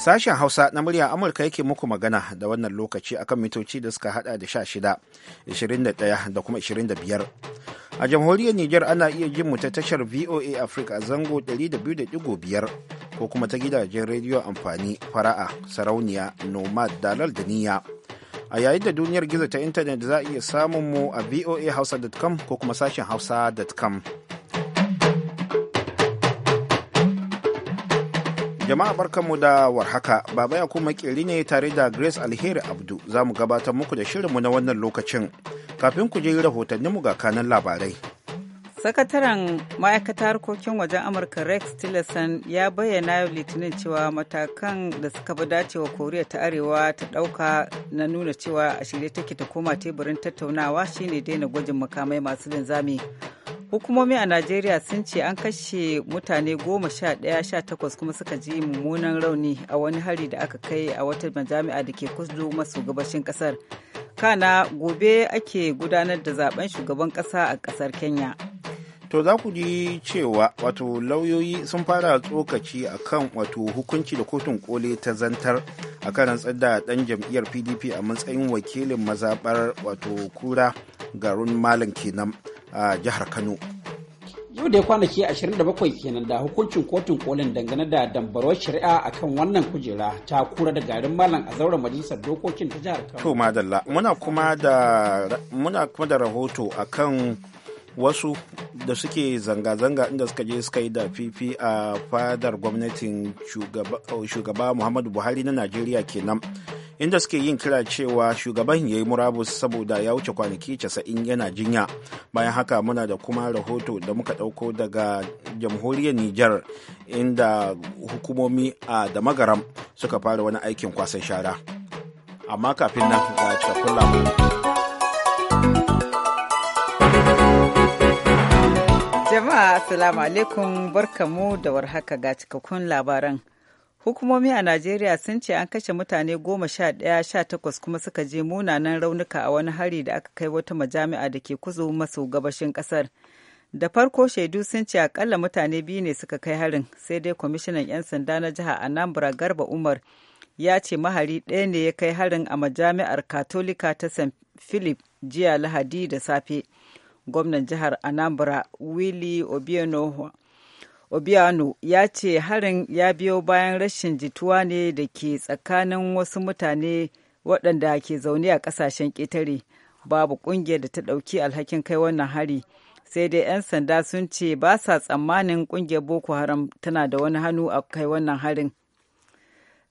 Sashen Hausa na murya Amurka yake muku magana da wannan lokaci akan mitoci da suka hada da sha shida, 21 da kuma biyar A jamhuriyar Nijar ana iya jin mu ta tashar VOA Africa a zango biyar ko kuma ta gidajen rediyo amfani fara'a, sarauniya, nomad, dalal da niyya. A yayin da duniyar gizo ta intanet za a iya samun mu a voahausa.com ko kuma sashen hausa.com. Jama'a barkanmu da warhaka, Baba ya kuma ƙiri ne tare da Grace Alheri Abdu za mu gabatar muku da shirinmu na wannan lokacin. Kafin ku je mu ga kanan labarai. Sakataren ma'aikatar harkokin wajen Amurka Rex Tillerson ya bayyana litinin cewa matakan da suka fi dacewa Koriya ta Arewa ta dauka na nuna cewa a shirye take ta koma teburin tattaunawa shine daina gwajin makamai masu linzami. hukumomi a najeriya sun ce an kashe mutane goma sha ɗaya sha takwas kuma suka ji mummunan rauni a wani hari da aka kai a wata majami'a da ke kudu maso gabashin kasar kana gobe ake gudanar da zaben shugaban kasa a kasar kenya to za ku ji cewa wato lauyoyi sun fara tsokaci a kan wato hukunci da kotun kole ta zantar a kan rantsar da ɗan jam'iyyar pdp a matsayin wakilin mazaɓar wato kura garun malam kenan a jihar Kano. Yau da ya kwanaki 27 kenan da hukuncin kotun kolin dangane da dambarwar shari'a akan wannan kujera ta kura da garin malam a zauren majalisar dokokin ta jihar Kano. To madalla muna kuma da muna kuma da rahoto akan wasu da suke zanga-zanga inda suka je suka yi da fifi a fadar gwamnatin shugaba Muhammadu Buhari na Najeriya kenan. inda suke yin kira cewa shugaban ya yi murabus saboda ya wuce kwanaki 90 yana jinya bayan haka muna da kuma rahoto da muka ɗauko daga jamhuriyar niger inda hukumomi a da magaram suka fara wani aikin kwasan shara amma kafin nan ga cikakkun labarai jama'a assalamu alaikum barkamu da warhaka ga cikakkun labaran hukumomi a najeriya sun ce an kashe mutane goma sha ɗaya sha takwas kuma suka je munanan raunuka a wani hari da aka kai wata majami'a da ke kuzo maso gabashin ƙasar da farko shaidu sun ce akalla mutane biyu ne suka kai harin sai dai kwamishinan 'yan sanda na jiha anambra garba umar ya ce mahari ɗaya ne ya kai harin a majami'ar katolika ta st philip jiya lahadi da safe gwamnan jihar anambra willy obiano obiano ya ce harin ya biyo bayan rashin jituwa ne da ke tsakanin wasu mutane waɗanda ke zaune a ƙasashen ƙetare babu ƙungiyar da ta ɗauki alhakin kai wannan hari sai dai 'yan sanda sun ce ba sa tsammanin ƙungiyar boko haram tana da wani hannu a kai wannan harin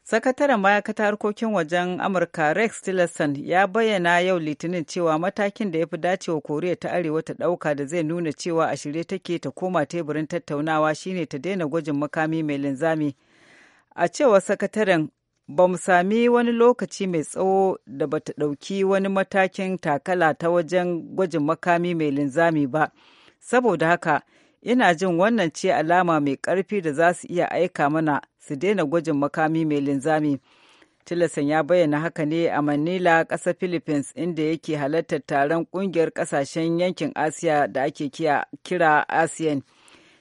Sakataren ma'aikata harkokin wajen Amurka Rex Tillerson ya bayyana yau Litinin cewa matakin da ya fi dacewa Koriya ta Arewa ta ɗauka da zai nuna cewa a shirye take ta koma teburin tattaunawa shine ta daina gwajin makami mai linzami. A cewa sakataren ba mu sami wani lokaci mai tsawo da ba ta ɗauki wani matakin takala ta wajen gwajin makami mai linzami ba. Saboda haka, ina jin wannan ce alama mai ƙarfi da za su iya aika mana. su daina gwajin makami mai linzami. Tillerson ya bayyana haka ne a Manila, ƙasar Philippines, inda yake halartar taron ƙungiyar ƙasashen yankin Asiya da ake kira ASEAN.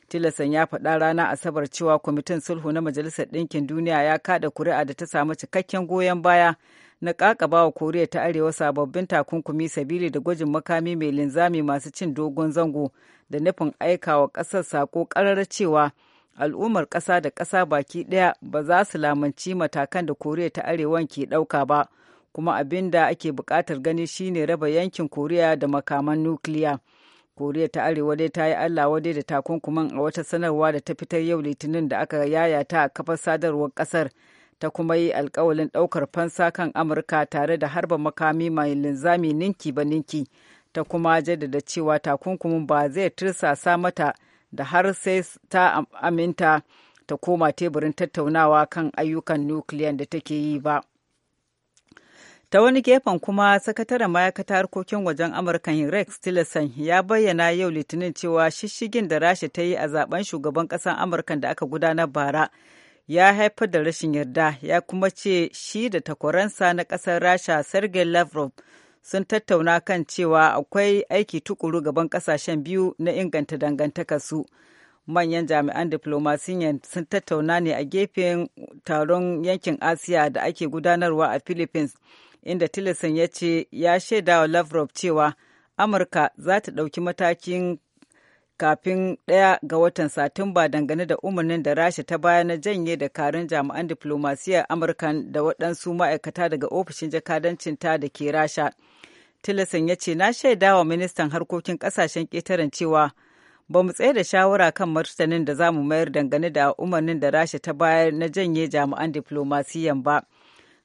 Tillerson ya faɗa rana Asabar cewa kwamitin sulhu na Majalisar Ɗinkin Duniya ya kaɗa kuri'a da ta samu cikakken goyon baya na ƙaƙaba wa Koriya ta Arewa sababbin takunkumi sabili da gwajin makami mai linzami masu cin dogon zango da nufin aikawa ƙasar sako ƙarar cewa al'ummar ƙasa da ƙasa baki ɗaya ba za su lamanci matakan da koriya ta arewa ke ɗauka ba kuma abin da ake buƙatar gani shine raba yankin koriya da makaman nukiliya koriya ta arewa dai ta yi allah wadai da takunkuman a wata sanarwa da ta fitar yau litinin da aka yayata a kafar sadarwar ƙasar ta kuma yi alkawalin ɗaukar fansa kan amurka tare da harba makami mai linzami ninki ba ninki ta kuma jaddada cewa takunkumin ba zai tirsasa mata da har sai ta aminta ta koma teburin tattaunawa kan ayyukan nukiliyan da take yi ba. Ta wani gefen kuma sakataren ma'aikata harkokin wajen Amurkan Rex Tillerson ya bayyana yau Litinin cewa shishigin da Rasha ta yi a zaben shugaban ƙasar amurka da aka gudanar bara ya haifar da rashin yarda ya kuma ce shi da takwaransa na ƙasar Rasha Sergei Lavrov sun tattauna kan cewa akwai aiki tukuru gaban kasashen biyu na inganta dangantakarsu. Manyan jami'an diplomasiyan sun tattauna ne a gefen taron yankin Asiya da ake gudanarwa a Philippines, inda Tillerson ya ce ya shaidawa Lavrov cewa Amurka za ta ɗauki matakin kafin ɗaya ga watan Satumba dangane da umarnin da Rasha ta baya na janye da karin jami'an diflomasiyyar Amurka da waɗansu ma'aikata daga ofishin jakadancinta da ke Rasha. Tillerson ya ce, Na shaida wa ministan harkokin ƙasashen ƙetaren cewa ba mu tsaye da shawara kan martanin da za mu mayar dangane da umarnin da Rasha ta bayar na janye jami'an diflomasiyyan ba.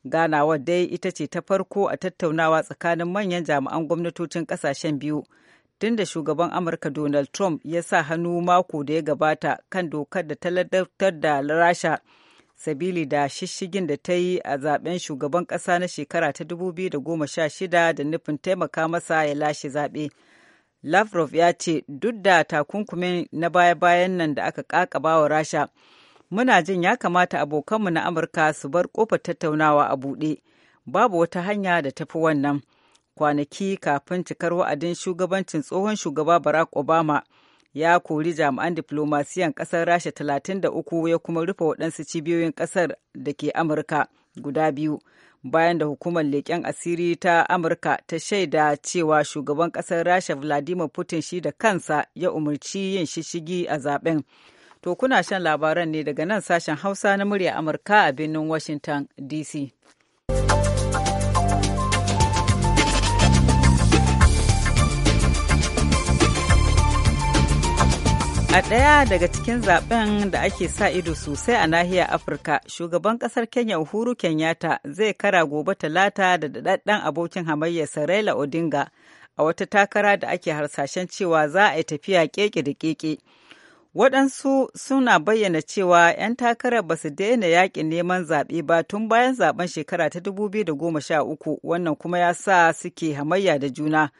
ganawa dai ita ce ta farko a tattaunawa tsakanin manyan jami'an gwamnatocin ƙasashen biyu. tun da shugaban amurka donald trump ya sa hannu mako da ya gabata kan dokar da ta ladabtar da rasha sabili da shishigin da ta yi a zaben shugaban ƙasa na shekara ta 2016 da nufin taimaka masa ya lashe zaɓe. Lavrov ya ce duk da takunkumin na baya-bayan nan da aka kakaba wa Rasha, muna jin ya kamata abokanmu na Amurka su bar kofar tattaunawa a buɗe, babu wata hanya da tafi wannan. kwanaki kafin cikar wa'adin shugabancin tsohon shugaba barack obama ya kori jami'an diflomasiyan ƙasar rasha 33 ya kuma rufe waɗansu cibiyoyin ƙasar da ke amurka guda biyu bayan da hukumar leƙen asiri ta amurka ta shaida cewa shugaban ƙasar rasha vladimir putin shi da kansa ya umarci yin shishigi a zaben to kuna shan labaran ne daga nan sashen hausa na murya amurka a birnin washington dc A ɗaya daga cikin zaben da ake sa ido sosai a nahiyar Afirka, shugaban ƙasar Kenya Uhuru Kenyatta zai kara gobe talata da daɗaɗɗen abokin hamayya Raila Odinga a wata takara da ake harsashen cewa za a yi tafiya keke da keke. Waɗansu suna bayyana cewa 'yan takarar ba su daina yaƙin neman zaɓe ba tun bayan zaben shekara ta 2013 wannan kuma ya sa suke hamayya da juna.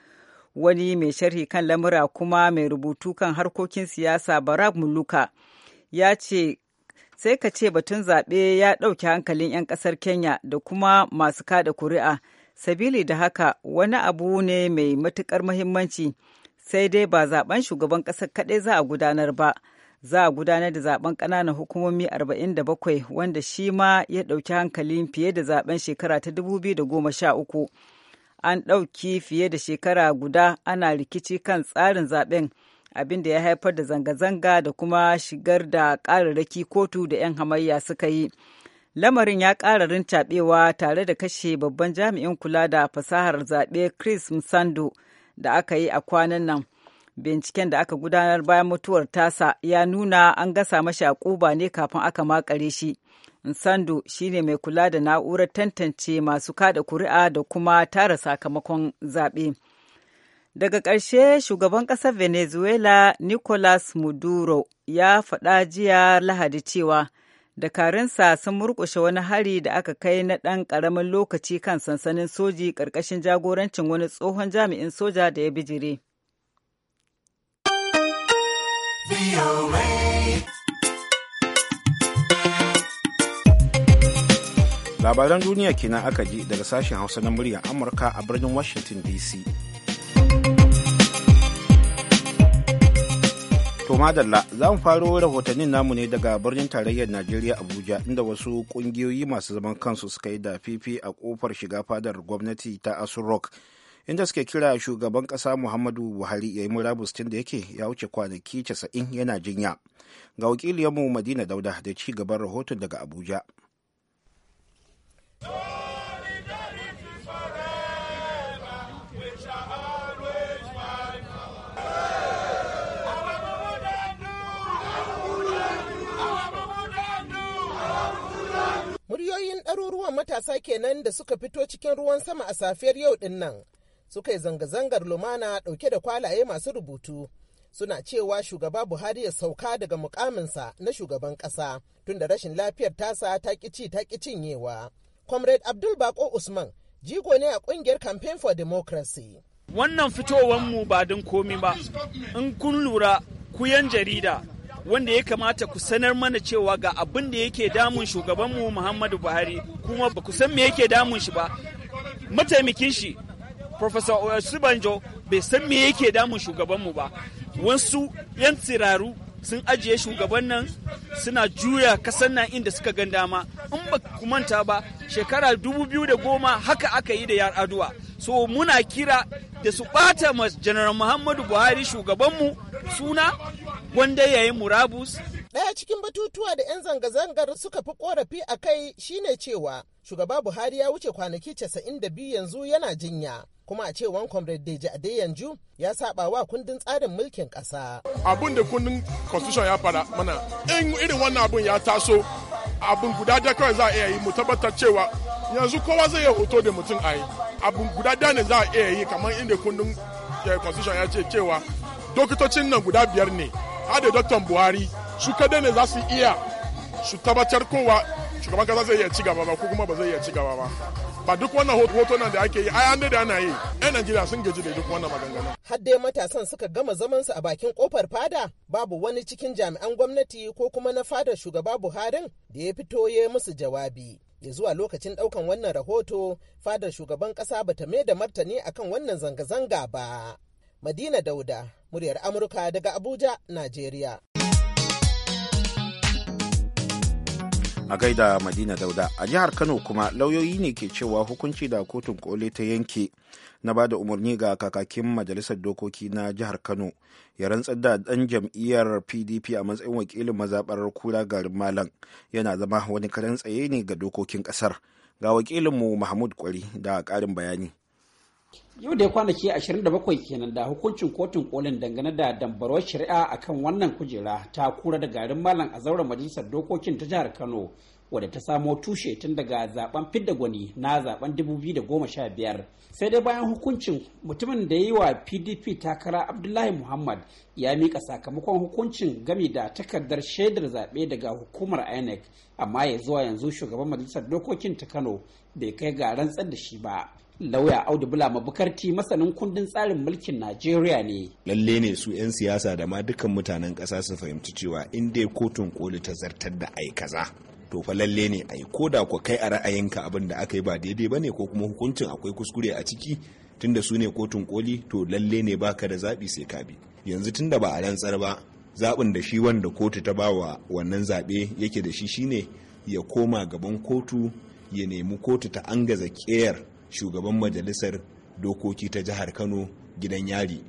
wani mai sharhi kan lamura kuma mai rubutu kan harkokin siyasa barak muluka ya ce sai ka ce batun zaɓe ya ɗauki hankalin 'yan ƙasar kenya da kuma masu kada kuri'a sabili da haka wani abu ne mai matuƙar muhimmanci sai dai ba zaben shugaban ƙasar kaɗai za a gudanar ba za a gudanar da zaben ƙananan hukumomi arba'in da bakwai wanda shi ma ya ɗauki hankali fiye da zaben shekara ta 2013 an ɗauki fiye da shekara guda ana rikici kan tsarin zaɓen abin da ya haifar da zanga-zanga da kuma shigar da ƙararraki kotu da 'yan hamayya suka yi lamarin ya ƙara rincaɓewa tare da kashe babban jami'in kula da fasahar zaɓe chris musando da aka yi a kwanan nan binciken da aka gudanar bayan mutuwar tasa ya nuna an gasa mashi akuba ne kafin aka makare shi shi shine mai kula da na'urar tantance masu kada kuri'a da kuma tara sakamakon zaɓe. Daga ƙarshe shugaban ƙasar Venezuela Nicolas Maduro ya faɗa jiya Lahadi cewa dakarunsa sun murƙushe wani hari da aka kai na ɗan ƙaramin lokaci kan sansanin soji ƙarƙashin jagorancin wani tsohon jami'in soja da ya bijire. labaran duniya kenan aka ji daga sashen hausa na muryar amurka a birnin washington dc To madalla za mu faro rahotannin namu ne daga birnin tarayyar Najeriya Abuja inda wasu kungiyoyi masu zaman kansu suka yi da fifi a kofar shiga fadar gwamnati ta asu Rock inda suke kira shugaban kasa Muhammadu Buhari ya yi murabus tun da yake ya wuce kwanaki 90 yana jinya. Ga wakiliyarmu Madina Dauda da ci gaban rahoton daga Abuja. Muryoyin ɗaruruwan matasa kenan da suka fito cikin ruwan sama a safiyar yau ɗin nan suka yi zanga-zangar lumana ɗauke da kwalaye masu rubutu suna cewa shugaba Buhari ya sauka daga mukaminsa na shugaban ƙasa tunda rashin lafiyar tasa ta ci ta ƙi cinyewa. comrade abdul bako usman jigo ne a kungiyar campaign for democracy wannan fitowanmu ba don komi ba in kun lura ku yan jarida wanda ya kamata ku sanar mana cewa ga abin da yake damun shugabanmu muhammadu buhari kuma ba ku san me yake damun shi ba mataimakin shi Professor Oyesubanjo bai san me yake damun shugabanmu ba. Wasu 'yan tsiraru sun ajiye shugaban nan suna juya kasan nan inda suka gan dama in ba ku manta ba shekara dubu da goma haka aka yi da yar aduwa so muna kira da su bata ma janar muhammadu buhari shugaban mu suna wanda yayi murabus Daya cikin batutuwa da 'yan zanga-zangar suka fi korafi a kai shine cewa shugaba Buhari ya wuce kwanaki 92 yanzu yana jinya. kuma a cewan comrade deji a dai yanzu ya saba wa kundin tsarin mulkin ƙasa. abun da kundin constitution ya fara mana in irin wannan abun ya taso abun guda da kawai za a iya yi mu tabbatar cewa yanzu kowa zai yi hoto da mutum a yi abun guda da ne za a iya yi kamar inda kundin eh, constitution ya ce cewa dokitocin nan guda biyar ne da dr buhari su kada ne za su iya su tabbatar kowa shugaban kasa zai iya ci gaba ba ko kuma ba zai iya ci gaba ba ba duk wannan hoto da ake yi ai an da ana yi ai najeriya sun gaji da duk wannan maganganu har dai matasan suka gama zaman su a bakin kofar fada babu wani cikin jami'an gwamnati ko kuma na fadar shugaba buharin da ya fito ya musu jawabi ya zuwa lokacin daukan wannan rahoto fadar shugaban kasa ba ta da martani akan wannan zanga-zanga ba madina dauda muryar amurka daga abuja najeriya a gaida madina dauda a jihar kano kuma lauyoyi ne ke cewa hukunci da kotun koli ta yanke na ba da umarni ga kakakin majalisar dokoki na jihar kano ya rantsar da dan jam'iyyar pdp a matsayin wakilin mazabar kura garin malam yana zama wani karen tsaye ne ga dokokin kasar ga wakilinmu mahmud kwari da karin bayani yau da ya kwanaki 27 kenan da hukuncin kotun kolin dangane da dambarwar shari'a akan wannan kujera ta kura da garin malam a zauren majalisar dokokin ta jihar kano wadda ta samo tushe tun daga zaben fidda gwani na zaben 2015 sai dai bayan hukuncin mutumin da ya yi wa pdp takara abdullahi muhammad ya mika sakamakon hukuncin gami da takardar shaidar zaɓe daga hukumar inec amma ya zuwa yanzu shugaban majalisar dokokin ta kano bai kai ga rantsar da shi ba lauya audu bula mabukarti masanin kundin tsarin mulkin najeriya ne lalle ne su 'yan siyasa da ma dukkan mutanen ƙasa su fahimci cewa in dai kotun koli ta zartar da ai kaza to fa lalle ne ai ko da ku kai a ra'ayinka abin da aka yi ba daidai ba ne ko kuma hukuncin akwai kuskure a ciki tunda su ne kotun koli to lalle ne baka da zaɓi sai ka bi yanzu tunda ba a rantsar ba zaɓin da shi wanda kotu ta ba wa wannan zaɓe yake da shi shine ya koma gaban kotu ya nemi kotu ta angaza ƙeyar shugaban majalisar dokoki ta jihar kano gidan yari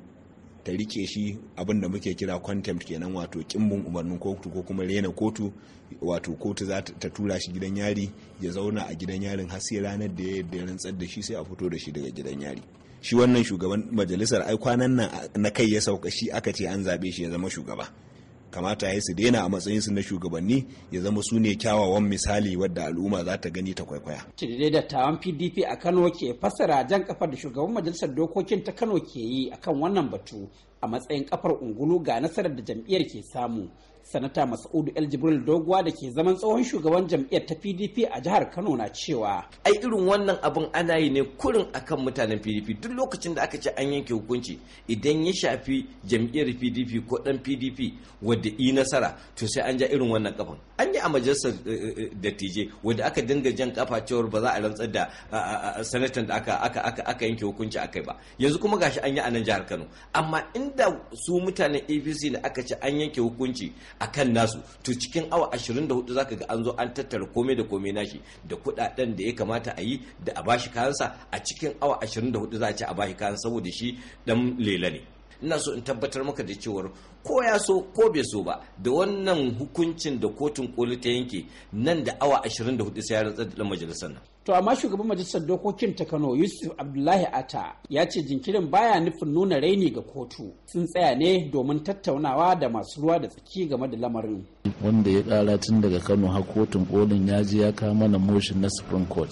ta rike shi abinda muke kira contempt kenan wato kimbin umarnin kotu ko kuma rena kotu wato kotu za ta tura shi gidan yari ya zauna a gidan yarin har sai ranar da ya yi rantsar da shi sai a fito da shi daga gidan yari shi wannan shugaban majalisar ai kwanan nan na kai ya sauka shi aka ce an zabe shi ya zama shugaba kamata ya su daina a matsayinsu na shugabanni ya zama su ne kyawawan misali wadda al'umma za ta gani ta kwaikwaya. Cidade tawan PDP a Kano ke fassara jan kafar da shugaban majalisar dokokin ta Kano ke yi kan wannan batu a matsayin kafar ungulu ga nasarar da jam'iyyar ke samu sanata masaudu el jibril doguwa da ke zaman tsohon shugaban jam'iyyar ta pdp a jihar kano na cewa ai irin wannan abin ana yi ne kurin akan mutanen pdp duk lokacin da aka ce an yanke hukunci idan ya shafi jam'iyyar pdp ko dan pdp wadda yi nasara to sai an ja irin wannan kafan an yi a majalisar eh, eh, eh, dattijai wadda aka dinga jan kafa cewar ba za a rantsar da sanatan da aka yanke hukunci a kai ba yanzu kuma gashi an yi a nan jihar kano amma inda su mutanen apc da aka ce an yanke hukunci a kan nasu to cikin awa 24 zaka ga an zo an tattara komai da komai nashi da kuɗaɗen da ya kamata a yi da a bashi kayansa a cikin awa 24 za a ci a bashi kayan saboda shi dan lela ne ina so in tabbatar maka da cewa ko ya so ko bai so ba da wannan hukuncin da kotun koli ta yanke nan da awa 24 sai ya rantsar da majalisar nan To amma shugaban majalisar dokokin ta Kano Yusuf Abdullahi Ata ya ce jinkirin baya nufin nuna raini ga kotu sun tsaya ne domin tattaunawa da masu ruwa da tsaki game da lamarin. Wanda ya kara tun daga Kano har kotun kolin ya ji ya kawo mana motion na Supreme Court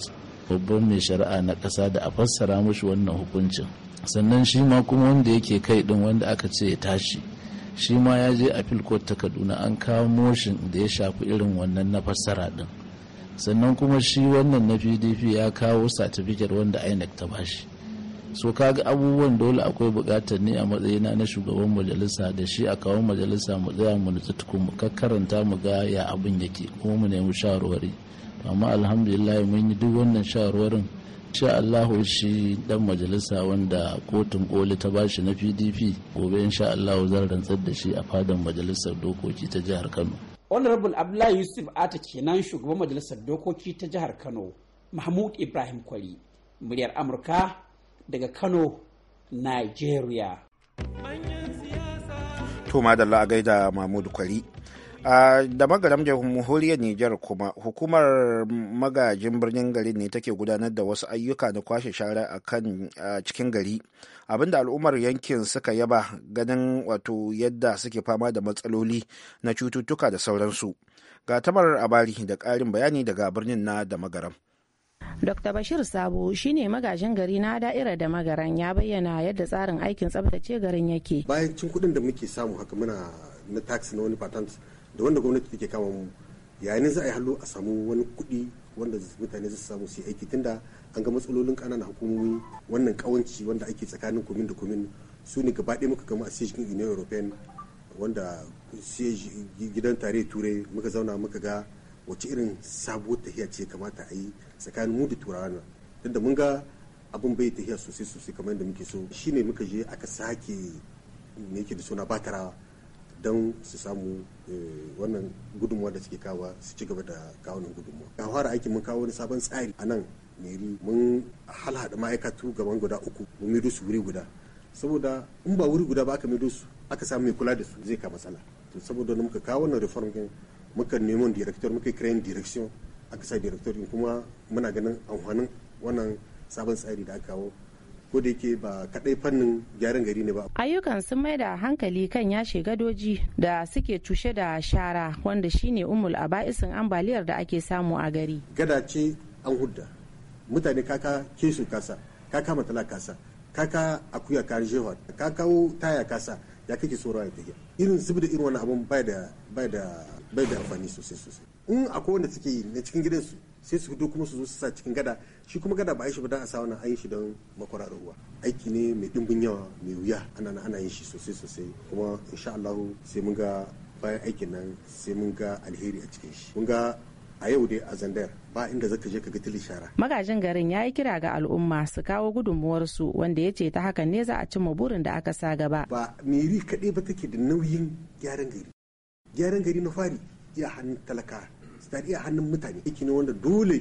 babban mai shari'a na kasa da a fassara mushi wannan hukuncin. Sannan shi ma kuma wanda yake kai din wanda aka ce ya tashi shi ma ya je a court ta Kaduna an kawo motion da ya shafi irin wannan na fassara din. sannan kuma shi wannan na pdp ya kawo satifiket wanda inec ta bashi so kaga abubuwan dole akwai bukatar ne a matsayina na shugaban majalisa da shi a kawo majalisa mu tsaya mu nutsu tukun mu kakkaranta mu ga ya abin yake kuma mu nemi shawarwari amma alhamdulillah mun yi duk wannan shawarwarin sha Allahu shi dan majalisa wanda kotun koli ta bashi na PDP gobe insha Allahu zan rantsar da shi a fadan majalisar dokoki ta jihar Kano honorable abdullahi yusuf ata kenan shugaban majalisar dokoki ta jihar kano mahmud ibrahim kwari muryar amurka daga kano nigeria to madalla a gaida mahmud kwari a da magaram jamhuriyar Nijar kuma hukumar magajin birnin gari ne take gudanar da wasu ayyuka na kwashe shara a kan cikin gari abinda al'ummar yankin suka yaba ganin wato yadda suke fama da matsaloli na cututtuka da sauransu ga tamar abari da ƙarin bayani daga birnin na da magaram Dr. Bashir Sabo shine magajin gari na da'ira da magaran ya bayyana yadda tsarin aikin tsabtace garin yake. Bayan cin kudin da muke samu haka muna na tax na wani patent da wanda gwamnati take kama mu yayin za a yi hallo a samu wani kuɗi wanda mutane su samu su aiki tunda an ga matsalolin ƙananan hukumomi wannan kawanci wanda ake tsakanin komin da komin su ne gaba ɗaya muka gama a cikin union european wanda gidan tare turai muka zauna muka ga wace irin sabuwar tahiya ce kamata a yi tsakanin mu da turawa na tunda mun ga abin bai tahiya sosai sosai kamar yadda muke so shine muka je aka sake me yake da suna batarawa don su samu eh, wannan gudunmuwa da suke kawa su ci gaba da kawunan gudunmuwa ga fara aiki mun kawo wani sabon tsari a nan meri mun halhaɗa ma'aikatu gaban guda uku mun mido su wuri guda saboda in ba wuri guda ba aka mido su aka samu mai kula da su zai ka matsala to saboda muka kawo wannan reform din muka neman director muka crane direction aka sa director din kuma muna ganin amfanin wannan sabon tsari da aka kawo ko yake ba kadai fannin gyaran gari ne ba. Ayyukan sun mai da hankali kan yashe gadoji da suke tushe da shara wanda shine umul a aba'isin ambaliyar da ake samu a gari. Gada ce an hudda mutane kaka kesu kasa kaka matala kasa kaka akuya kari jehar taya kasa ya kake tsoron ta irin zubda irin wani abun bai da bai da amfani sosai sosai in akwai wanda suke yi na cikin gidansu sai su fito kuma su zo su sa cikin gada shi kuma gada ba a yi shi ba don a sa wannan an yi shi don makwara ruwa aiki ne mai dimbin yawa mai wuya ana ana yin shi sosai sosai kuma insha Allah sai mun ga bayan aikin nan sai mun ga alheri a cikin shi mun ga a yau dai a zandar ba inda zaka je ka ga tilin shara. Magajin garin ya yi kira ga al'umma su kawo gudunmuwarsu wanda ya ce ta hakan ne za a cimma burin da aka sa gaba. Ba miri kaɗai ba take da nauyin gyaran gari. Gyaran gari na fari ya hannun talaka daɗi a hannun mutane yake ne wanda dole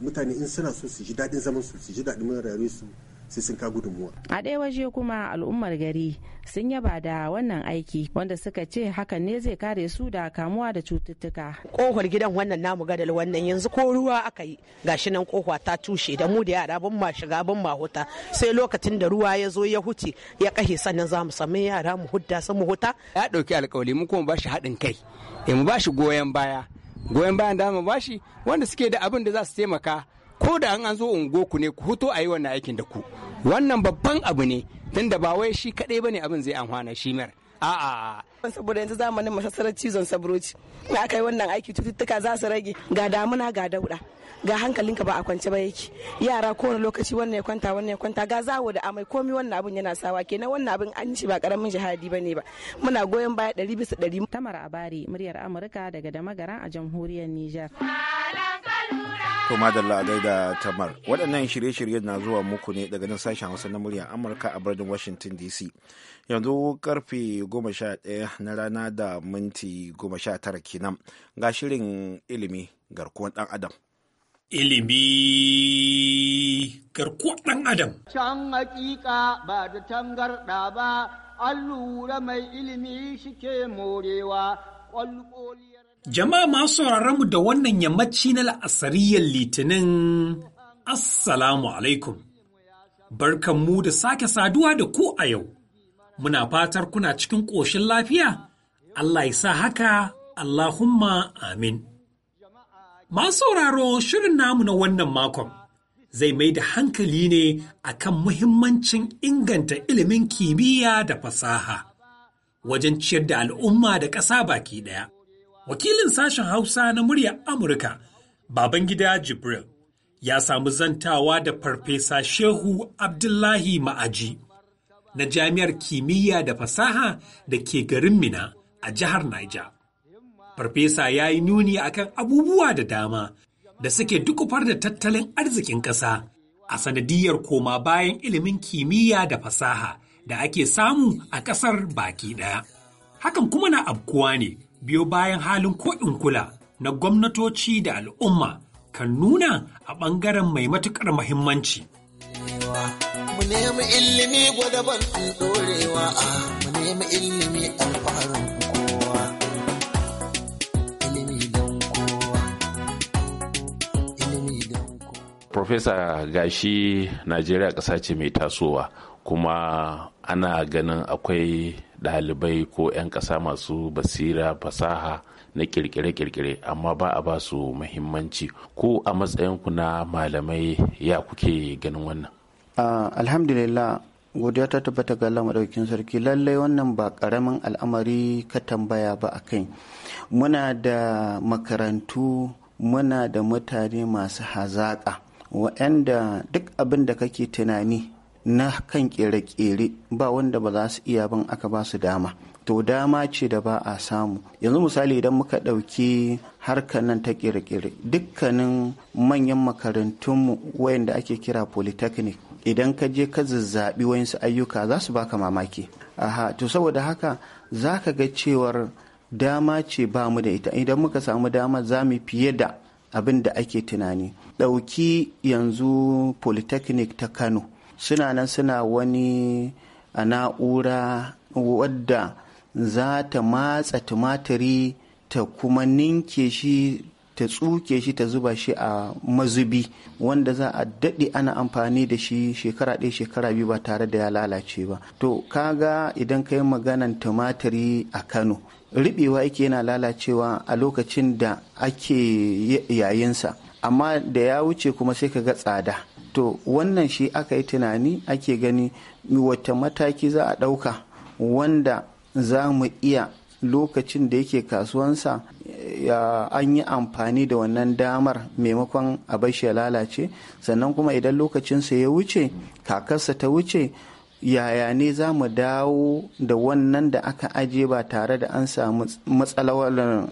mutane in suna so su ji daɗin zaman su su ji daɗin rayuwar su sai sun ka gudunmuwa. A ɗaya waje kuma al'ummar gari sun yaba da wannan aiki wanda suka ce hakan ne zai kare su da kamuwa da cututtuka. Kohar gidan wannan namu gadal wannan yanzu ko ruwa aka yi gashi nan kohwa ta tushe da mu da yara ban ma shiga ban ma huta sai lokacin da ruwa ya zo ya huce ya kahe sannan za mu samu yara mu hudda su mu huta. Ya ɗauki alkawali mu kuma ba shi haɗin kai mu ba shi goyon baya goyon bayan dama bashi wanda suke da abin da za su taimaka ko da an zo ungo ku ne ku huto a yi wannan aikin da ku wannan babban abu ne da ba wai shi kaɗai bane abin zai amfana shi mara. a'a saboda yanzu zamanin masassarar cizon sabroci na aka yi wannan aiki cututtuka za su rage ga damuna ga dauda ga hankalinka ba a kwance ba yake yara kowane lokaci wannan ya kwanta wannan ya kwanta ga zawo da amai komi wannan abun yana sawa kenan wannan abin an shi ba karamin jihadi bane ba muna goyon baya ɗari bisa ɗari. tamar abari muryar amurka daga damagaran a jamhuriyar Nijar. To madalla a gaida tamar waɗannan shirye-shirye na zuwa muku ne daga nan sashen hausa na muryar amurka a birnin washington dc yanzu karfe 11 na rana da minti 19 kenan ga shirin ilimi garkuwar ɗan adam ilimi garkuwar ɗan adam can hakika ba da tangarɗa ba an lura mai ilimi shike morewa ƙwalƙoliya Jama'a masu mu da wannan yammaci na la'asariyar litinin Assalamu alaikum. mu da sake saduwa da ku a yau. Muna fatar kuna cikin ƙoshin lafiya? Allah ya sa haka, Allahumma amin. Masu sauraro shirin namu na wannan makon zai mai da hankali ne akan muhimmancin inganta ilimin kimiyya da fasaha wajen ciyar da al'umma da ƙasa baki ɗaya. wakilin sashen hausa na murya amurka babangida jibril ya samu zantawa da farfesa shehu abdullahi ma'aji na jami'ar kimiyya da fasaha da ke garin mina a jihar niger farfesa ya yi nuni akan abubuwa da dama da suke dukufar da tattalin arzikin ƙasa a sanadiyar koma bayan ilimin kimiyya da fasaha da ake samu a ƙasar baki ɗaya. Hakan kuma na abkuwa ne biyo bayan halin ko'in kula na gwamnatoci da al'umma kan nuna a ɓangaren mai matuƙar muhimmanci. Mu Profesa gashi Najeriya ƙasa ce mai tasowa kuma ana ganin akwai dalibai ko 'yan ƙasa masu basira fasaha na kirkire-kirkire amma ba a ba su muhimmanci ko a matsayinku na malamai ya kuke ganin wannan alhamdulillah godiya ta tabbata ga Allah madaukakin sarki lallai wannan ba karamin al'amari ka tambaya ba a kai muna da makarantu muna da mutane masu hazaƙa waanda duk abin da kake tunani na kan kere-kere ba wanda ba za su iya ban aka ba su dama to dama ce da ba a samu yanzu misali idan muka ɗauki harkar nan ta kere-kere dukkanin manyan makarantunmu wayanda ake kira polytechnic idan ka je ka zazzaɓi wayansu ayyuka za su baka mamaki aha to saboda haka za ka ga cewar dama ce ba mu da ita idan muka samu dama za mu fiye da abin da ake tunani ɗauki yanzu polytechnic ta kano suna nan suna wani a na'ura wadda za ta matsa tumatiri ta kuma ninke shi ta tsuke shi ta zuba shi a mazubi wanda za a daɗe ana amfani da shi shekara ɗaya shekara biyu ba tare da ya lalace ba to kaga idan ka yi maganan tumatiri a kano riɓewa yake yana lalacewa a lokacin da ake yayinsa amma da ya wuce kuma sai ka ga tsada to wannan shi aka yi tunani ake gani wata mataki za a ɗauka wanda za mu iya lokacin da yake kasuwansa an yi amfani da wannan damar maimakon abashi ya lalace sannan kuma idan lokacinsa ya wuce kakarsa ta wuce yaya ne za mu dawo da wannan da aka aje ba tare da an samu matsalawar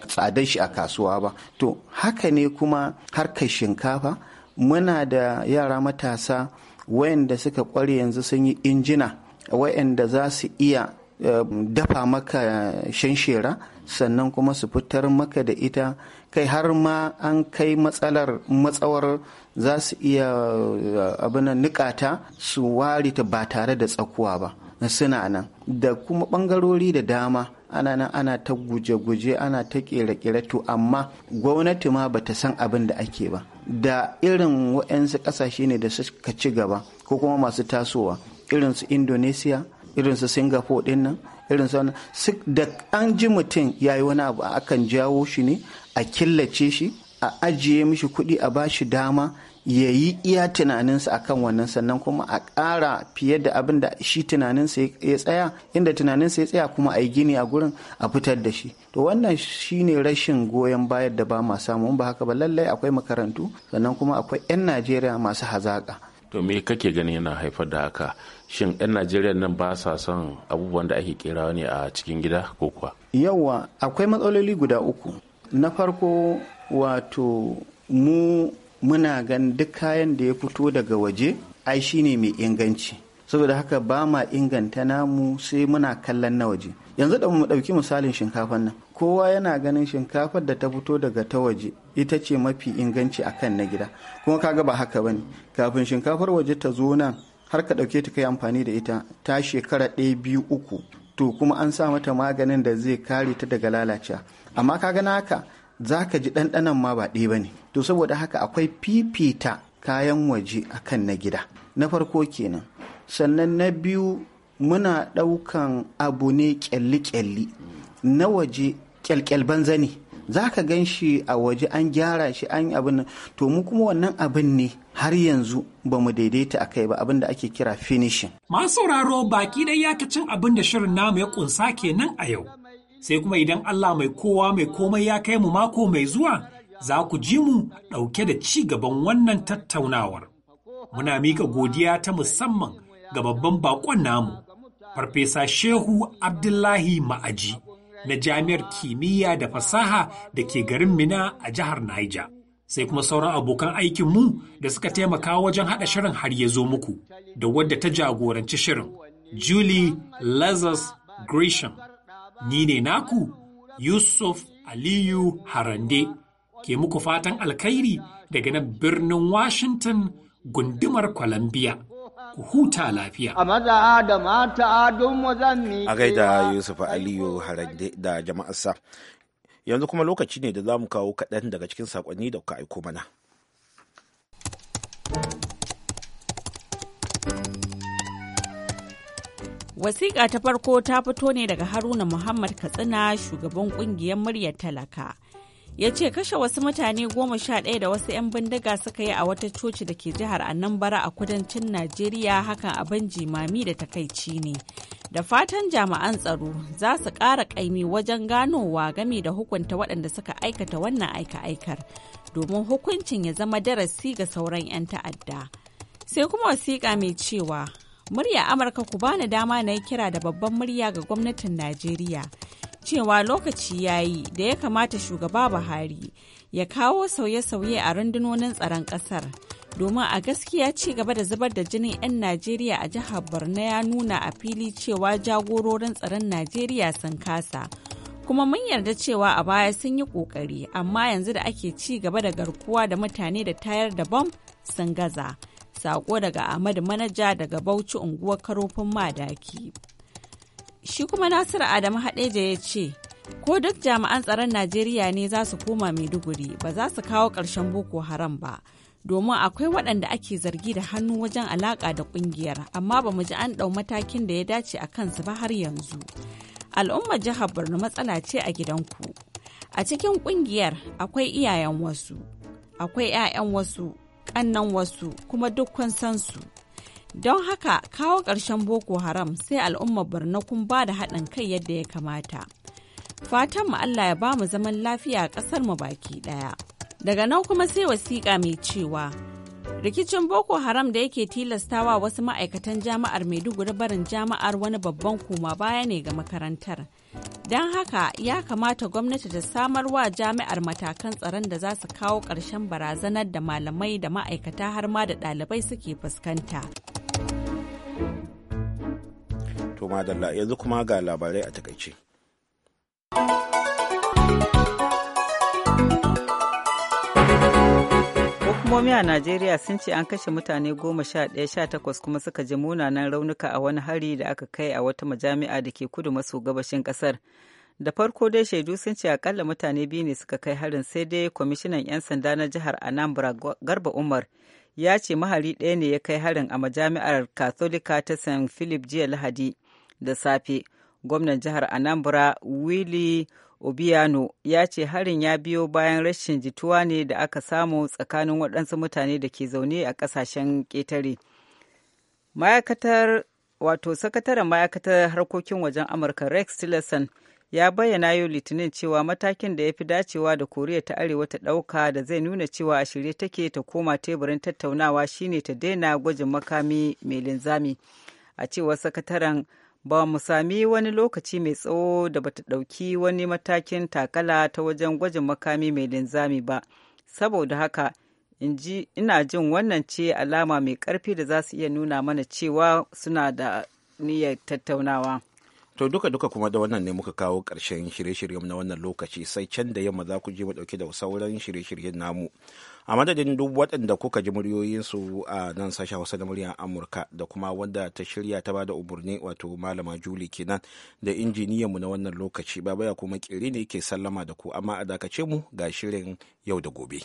tsadar shi a kasuwa ba to haka ne kuma harkar shinkafa muna da yara matasa wayanda suka kware yanzu sun yi injina wayanda za su iya eh, dafa maka shanshera sannan kuma su fitar maka da ita kai har ma an kai matsalar matsawar za su iya eh, abin nukata su ware ta ba tare da tsakuwa ba suna nan da kuma bangarori da dama ana nan ana ta guje-guje ana ta kere-kere to amma gwamnati ma ba ta san abin da ake ba da irin waɗansu ƙasashe ne da suka ci gaba ko kuma masu tasowa irin su indonesia irin su singapore din nan irin su da an ji mutum ya yi wani abu akan jawo shi ne a killace shi a ajiye mishi kuɗi a bashi dama ya yi iya tunaninsa a kan wannan sannan kuma a ƙara fiye da abin da shi tunaninsa ya tsaya inda tunaninsa ya tsaya kuma a yi gini a gurin a fitar da shi to wannan shi ne rashin goyon bayar da ba ma samu ba haka ba lallai akwai makarantu sannan kuma akwai 'yan najeriya masu hazaƙa to me kake ganin yana haifar da haka shin 'yan najeriya nan ba sa son abubuwan da ake kerawa ne a cikin gida ko kuwa yawa akwai matsaloli guda uku na farko wato mu muna gan duk kayan da ya fito daga waje ai shi ne mai inganci saboda haka ba ma inganta namu sai muna kallon na waje yanzu da mu ɗauki misalin shinkafar nan kowa yana ganin shinkafar da ta fito daga ta waje ita ce mafi inganci akan na gida kuma kaga ba haka ba ne. kafin shinkafar waje ta zo nan har ka ɗauke ta kai amfani da ita ta shekara ɗaya biyu uku to kuma an sa mata maganin da zai kare ta daga lalacewa amma kaga na haka za ka ji ɗanɗanan ma ba ɗaya ba ne to saboda haka akwai fifita kayan waje akan na gida na farko kenan sannan na biyu muna ɗaukan abu ne ƙyalli-ƙyalli na waje ƙyalƙyal banza ne za ka gan shi a waje an gyara shi an abin to mu kuma wannan abin ne har yanzu ba mu daidaita a kai ba abin da ake kira finishin. Masu sauraro baki ɗaya ya cin abin da shirin namu ya ƙunsa kenan a yau. sai kuma idan Allah mai kowa mai komai ya kai mu mako mai zuwa za ku ji mu ɗauke da ci gaban wannan tattaunawar. Muna mika godiya ta musamman ga babban bakon namu, Farfesa Shehu Abdullahi Ma'aji na Jami'ar Kimiyya da Fasaha da ke garin Mina a jihar Naija. sai kuma sauran abokan aikin mu da suka taimaka wajen haɗa shirin har ya zo muku da wadda ta jagoranci shirin Julie Lazarus Grisham ni ne naku Yusuf Aliyu Harande ke muku fatan alkhairi daga nan birnin Washington gundumar Columbia. Ku huta lafiya. A maza da mata don muzanni. A gaida Yusuf Aliyu Harande da jama'arsa. Yanzu kuma lokaci ne da za mu kawo kaɗan daga cikin saƙonni da kuka aiko mana. Wasiƙa ta farko ta fito ne daga Haruna Muhammad Katsina shugaban ƙungiyar muryar talaka. Ya ce kashe wasu mutane goma sha ɗaya da wasu 'yan bindiga suka yi a wata coci da ke jihar Anambra a kudancin Najeriya hakan abin jimami da takaici ne. Da fatan jami'an tsaro za su ƙara ƙaimi wajen ganowa game da hukunta waɗanda suka aikata wannan aika-aikar domin hukuncin ya zama darasi ga sauran 'yan ta'adda. Sai kuma wasiƙa mai cewa murya amurka ku bani dama na yi kira da babban murya ga gwamnatin najeriya cewa lokaci ya yi da ya kamata shugaba buhari ya kawo sauye-sauye a rundunonin tsaron ƙasar domin a gaskiya ci gaba da zubar da jinin 'yan najeriya a jihar borno ya nuna a fili cewa jagororin tsaron najeriya sun kasa kuma mun yarda cewa a baya sun yi ƙoƙari amma yanzu da ake ci gaba da garkuwa da mutane da tayar da bom sun gaza. Sako daga Ahmadu Manaja daga Bauchi unguwar Karofin Madaki. Shi kuma Nasiru Adamu Haɗeja ya ce, Ko duk jami'an tsaron Najeriya ne za su koma Maiduguri ba za su kawo ƙarshen Boko Haram ba. domin akwai waɗanda ake zargi da hannu wajen alaƙa da ƙungiyar amma ba mu ji an ɗau matakin da ya dace a kansu ba har yanzu al'ummar jihar borno matsala ce a gidanku a cikin ƙungiyar akwai iyayen wasu akwai 'ya'yan wasu kannan wasu kuma dukkan sansu. don haka kawo ƙarshen boko haram sai al'umma borno kun ba da haɗin kai yadda ya kamata fatan mu allah ya ba mu zaman lafiya a ƙasar mu baki ɗaya daga nan kuma sai wasiƙa mai cewa Rikicin Boko Haram da yake tilastawa wasu ma'aikatan jami'ar Maiduguri barin jami'ar wani babban koma baya ne ga makarantar. Don haka ya kamata gwamnati ta samar wa jami'ar matakan tsaron da za su kawo ƙarshen barazanar da malamai da ma'aikata har ma da ɗalibai suke fuskanta. To madalla yanzu kuma ga labarai a takaice. hukumomi a najeriya sun ce an kashe mutane goma sha ɗaya sha takwas kuma suka ji munanan raunuka a wani hari da aka kai a wata majami'a da ke kudu maso gabashin ƙasar da farko dai shaidu sun ce akalla mutane biyu ne suka kai harin sai dai kwamishinan 'yan sanda na jihar anambra garba umar ya ce mahari ɗaya ne ya kai harin a majami'ar katholika ta st philip jiya lahadi da safe gwamnan jihar anambra willie obiano ya ce harin ya biyo bayan rashin jituwa ne da aka samu tsakanin waɗansu mutane da ke zaune a ƙasashen ƙetare wato sakataren ma'aikatar harkokin wajen amurka rex tillerson ya bayyana yau litinin cewa matakin da ya fi dacewa da koriya ta arewa ta ɗauka da zai nuna cewa a shirye take ta koma teburin tattaunawa shine ta daina gwajin makami mai linzami a cewar sakataren ba mu sami wani lokaci mai tsawo da bata ɗauki wani matakin takala ta wajen gwajin makami mai linzami ba saboda haka ina jin wannan ce alama mai ƙarfi da za su iya nuna mana cewa suna da niyyar tattaunawa. To duka duka kuma da wannan ne muka kawo ƙarshen shirye-shiryen na wannan lokaci sai can da yamma za ku je mu ɗauki da sauran shirye-shiryen namu. A madadin duk waɗanda kuka ji muryoyinsu a nan sashen Hausa da muryar Amurka da kuma wanda ta shirya ta bada umarni wato Malama Juli kenan da injiniyan mu na wannan lokaci ba baya kuma ƙiri ne ke sallama da ku amma a dakace mu ga shirin yau da gobe.